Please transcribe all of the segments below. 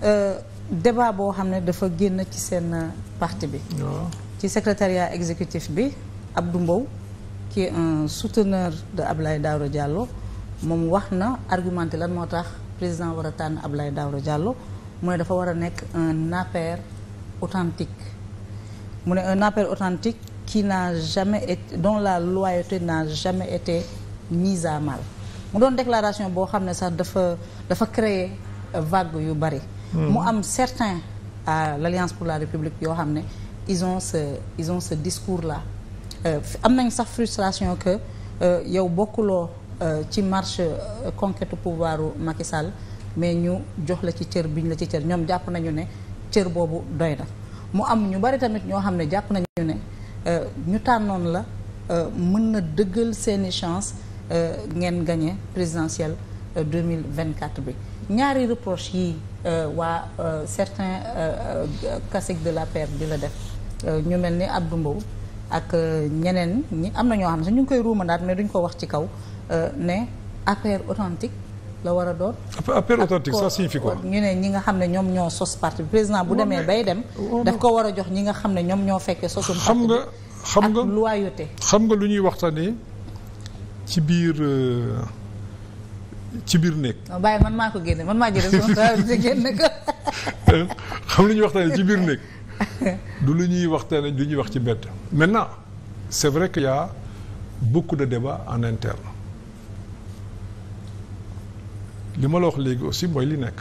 Euh, débat boo xam ne dafa génn ci seen euh, parti bi. ci secrétariat exécutif bi Abdou Mbow. qui est un souteneur de Ablaye Daouda Diallo moom wax na argumenté lan moo tax président war a tànn Ablaye Daouda Diallo mu ne dafa war a nekk un APR authentique mu ne un APR authentique ki n'a jamais été dont la loyauté n'a jamais été mise à mal mu doon déclaration boo xam ne sax dafa dafa créer vague yu bari mu am certains à l'Alliance pour la République yoo xam ne ils ont ce ils ont ce discours là euh, am nañ sax frustration que euh, yow bokkuloo euh, ci marche conquête pouvoir u Macky mais ñu jox la ci cër biñ la ci cër ñoom jàpp nañu ne cër boobu doy na mu am ñu bari tamit ñoo xam ne jàpp nañu ne ñu tànnoon la mën na dëggal seeni chance ngeen gañe présidentielle Euh, deux mille vingt quatre bi ñaari reproche yi euh, waa euh, certains caciques de la paix di la def ñu mel ni Abdou Mbow ak ñeneen ñi am na ñoo xam ne ñu ngi koy ruumandaat mais duñ ko wax ci kaw ne affaire authentique la war a doon. appel authentique ça signifie quoi ñu ne ñi nga xam ne ñoom ñoo sos parti président bu demee bay dem. Oh, oh, daf ko war a jox ñi nga xam ne ñoom ñoo fekkee sosum. xam nga xam nga ak loyauté. xam nga lu ñuy waxtaanee ci biir. ci biir nekk. bàyyi man maa ko génne man maa jël responsabilité génne ko. xam lu ñuy waxtaanee ci biir néeg du lu ñuy waxtaanee du ñuy wax ci mbedd. maintenant c'est vrai qu'il y a beaucoup de débats en interne li ma la wax léegi aussi mooy li nekk.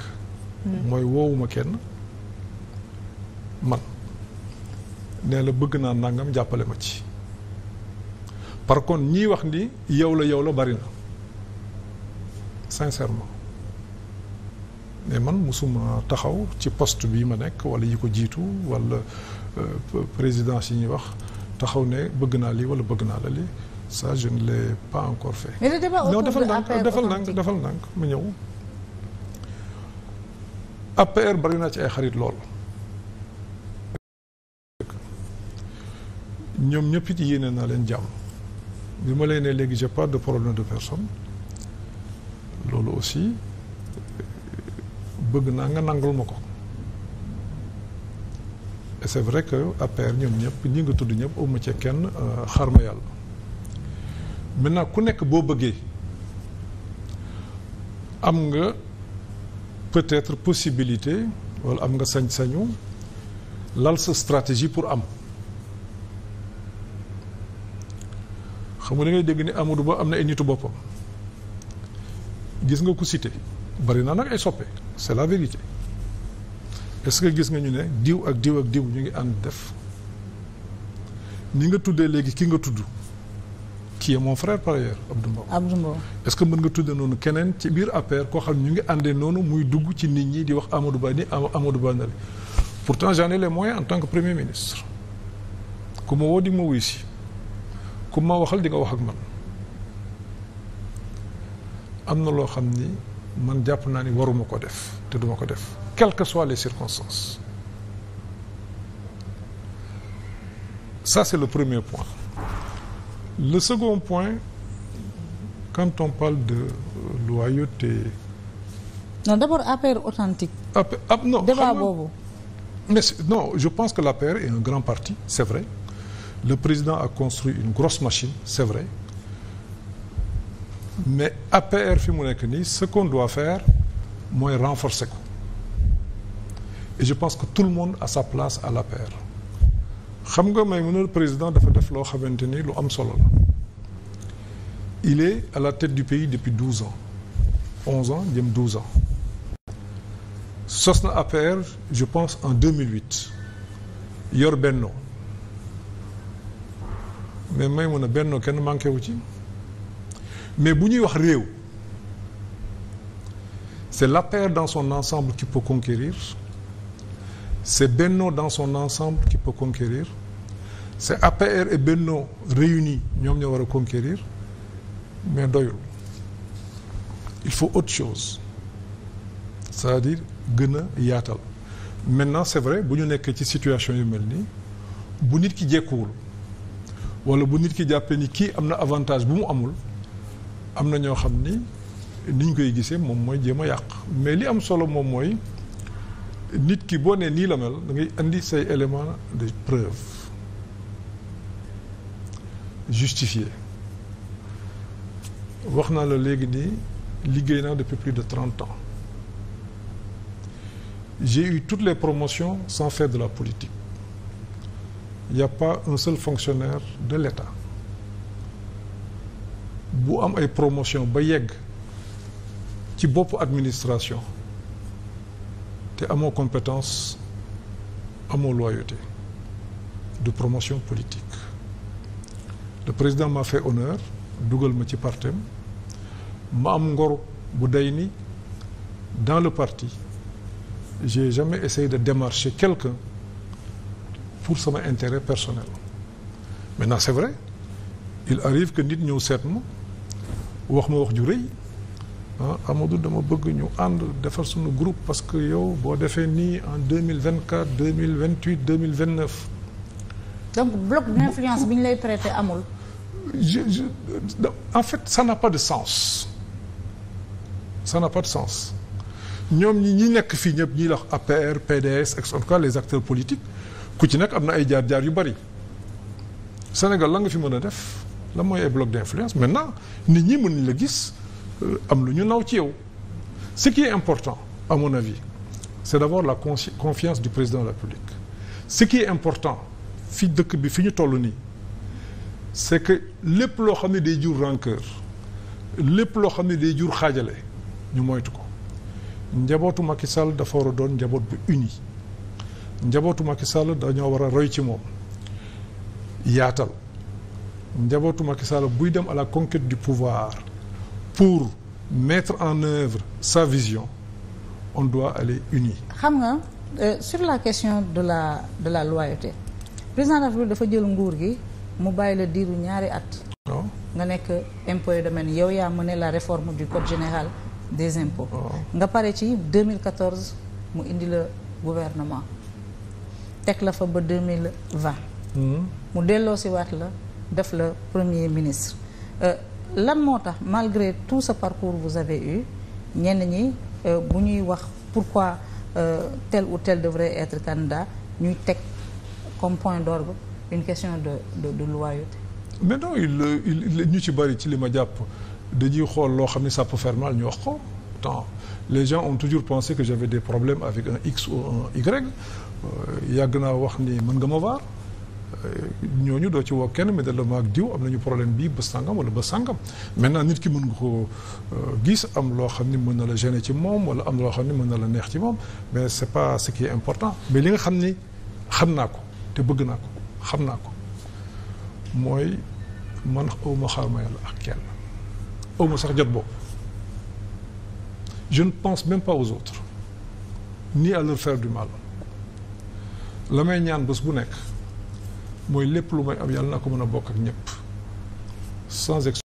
Hmm. mooy woowuma kenn man nee la bëgg naa nangam jàppale ma ci par contre ñii wax ni yow la yow la bari na. sincèrement mais man musuma taxaw ci poste bi ma nekk wala yi ko jiitu wala euh, présidence yi ñuy wax taxaw ne bëgg naa lii wala bëgg naa la lii ça je ne l'ai encore fait. mais le débat autour de APR defal ndànk defal ndànk mu ñëw. APR bari naa ci ay xarit lool. ñoom ñëpp ci yéene naa leen jàmm bi ma leen ne léegi j'ai pas de problème de personne. loolu aussi bëgg naa nga nangul ma ko et c'est vrai que APR ñoom ñëpp ñi nga tudd ñëpp awma ca kenn euh, xar ma yàlla maintenant ku nekk boo bëggee am nga peut-être possibilité wala am nga sañ-sañu lal sa stratégie pour am xam nga da ngay dégg ni Amadou Ba am na ay nitu boppam gis nga ko cité bari na nag ay soppe c'est la vérité est-ce que gis nga ñu ne diw ak diw ak diw ñu ngi ànd def ni nga tuddee léegi ki nga tudd qui est mon frère par ailleurs Abdou Mbow. est-ce que mën nga tuddee noonu keneen ci biir APR koo xam ñu ngi àndee noonu muy dugg ci nit ñi di wax Amadou Ba ni Amadou Ba nali pourtant j'en ai les moyens en tant que premier ministre ku ma woo di ma wuy si ku waxal di nga wax ak man. am na loo xam ni man jàpp naa ni waruma ko def te duma ko def quelles que soient les circonstances ça c'est le premier point le second point quand on parle de loyauté non d'abord APR authentique AP non débat boobu mais non je pense que l'APR est un grand parti c'est vrai le président a construit une grosse machine c'est vrai mais APR fi mu nekk nii ce qu'on doit faire mooy renforcer ko et je pense que tout le monde a sa place à l'APR xam nga may mën président dafa def loo xamante ni lu am solo la il est à la tête du pays depuis douze ans onze ans jëm douze ans sos na APR je pense en 2008 yor Benno mais may mën a Benno kenn manqué wu ci mais bu ñuy wax réew c'est l'APR dans son ensemble qui peut conquérir c'est Benno dans son ensemble qui peut conquérir c'est APR et Benno réunis ñoom ñoo war a conquérir mais doyul il faut autre chose c'est-à-dire gën a yaatal maintenant c'est vrai bu ñu nekk ci situation yu mel nii bu nit ki jekkuwul wala bu nit ki jàppee ni kii am na avantage bu mu amul am na ñoo xam ni ni ñu koy gisee moom mooy jéem yàq mais li am solo moom mooy nit ki boo nee nii la mel da ngay indi say élément de preuve justifié wax naa la léegi nii liggéey naa depuis plus de trente ans j'ai eu toutes les promotions sans faire de la politique il n'y un seul fonctionnaire de l'État bu am ay promotion ba yegg ci bopp administration te amoo compétence amoo loyauté de promotion politique le président m'a fait honneur dugal ma ci partem ma am ngor bu day ni dans le parti j'ai jamais essayé de démarcher quelqu'un pour sama intéret personnel maintenant c'est vrai il arrive que nit ñëw seet ma wax ma wax ju rëy ah Amadou dama bëgg ñu ànd defar suñu groupe parce que yow boo defee nii en deux mille vingt quatre deux mille vingt huit deux mille vingt neuf. donc bloc d'influence bi ñu lay prêter amul. en fait ça n'a pas de sens ça n'a pas de sens ñoom ñi ñi nekk fii ñëpp ñi la wax APR PDS en tout cas les acteurs politiques ku ci nekk am na ay jaar-jaar yu bari Sénégal la nga fi mën a def. la mooy ay bloc d'influence maintenant nit ñi mën la gis euh, am lu ñu naw ci yow ce qui est important à mon avis c'est d'abord la confiance du président de la République ce qui est important fi dëkk bi fi ñu toll nii c'est que lépp loo xam ne day jur rancœur lépp loo xam ne day jur xaajale ñu moytu ko njabootu ki Sall dafa war a doon njaboot bu uni njabootu Macky Sall dañoo war a roy ci moom yaatal njabootuma Macky Sall buy dem à la conquête du pouvoir pour mettre en œuvre sa vision on doit aller unis. xam nga euh, sur la question de la de la loyauté président de la République dafa jël nguur gi mu bàyyi la diiru ñaari at. Oh. nga nekk impôt et domaine yow yaa mené la réforme du code général des impôts. Oh. nga pare ci 2014 mu indi la gouvernement teg la fa ba 2020. Hmm. mu delloosiwaat la. def la premier ministre euh, lan moo tax malgré tout ce parcours vous avez eu ñenn ñi euh, bu ñuy wax pourquoi euh, tel ou tel devrait être candidat ñuy teg comme point d'orgue une question de de de loyauté. mais non il ñu ci bëri ci li ma jàpp dañuy xool loo xam ne ça peut faire mal ñu wax ko tant les gens ont toujours pensé que j'avais des problèmes avec un X ou un yàgg naa wax ni mën nga ma vaar. ñooñu doo ci woo kenn mais da la maag diw am nañu problème bii ba sàngam wala ba sàngam maintenant nit ki mën nga ko euh, gis am loo xam ni mën na la gêner ci moom wala am loo xam ni mën na la neex ci moom mais c'est pas ce qui est important mais li nga xam ni xam naa ko te bëgg naa ko xam naa ko mooy man awma xaar ma yàlla ak kenn awma sax jot boobu je ne pense même pas aux autres à leur faire du mal la may ñaan bés bu nekk mooy lépp lu may am yàlla naa ko mën a bokk ak ñëpp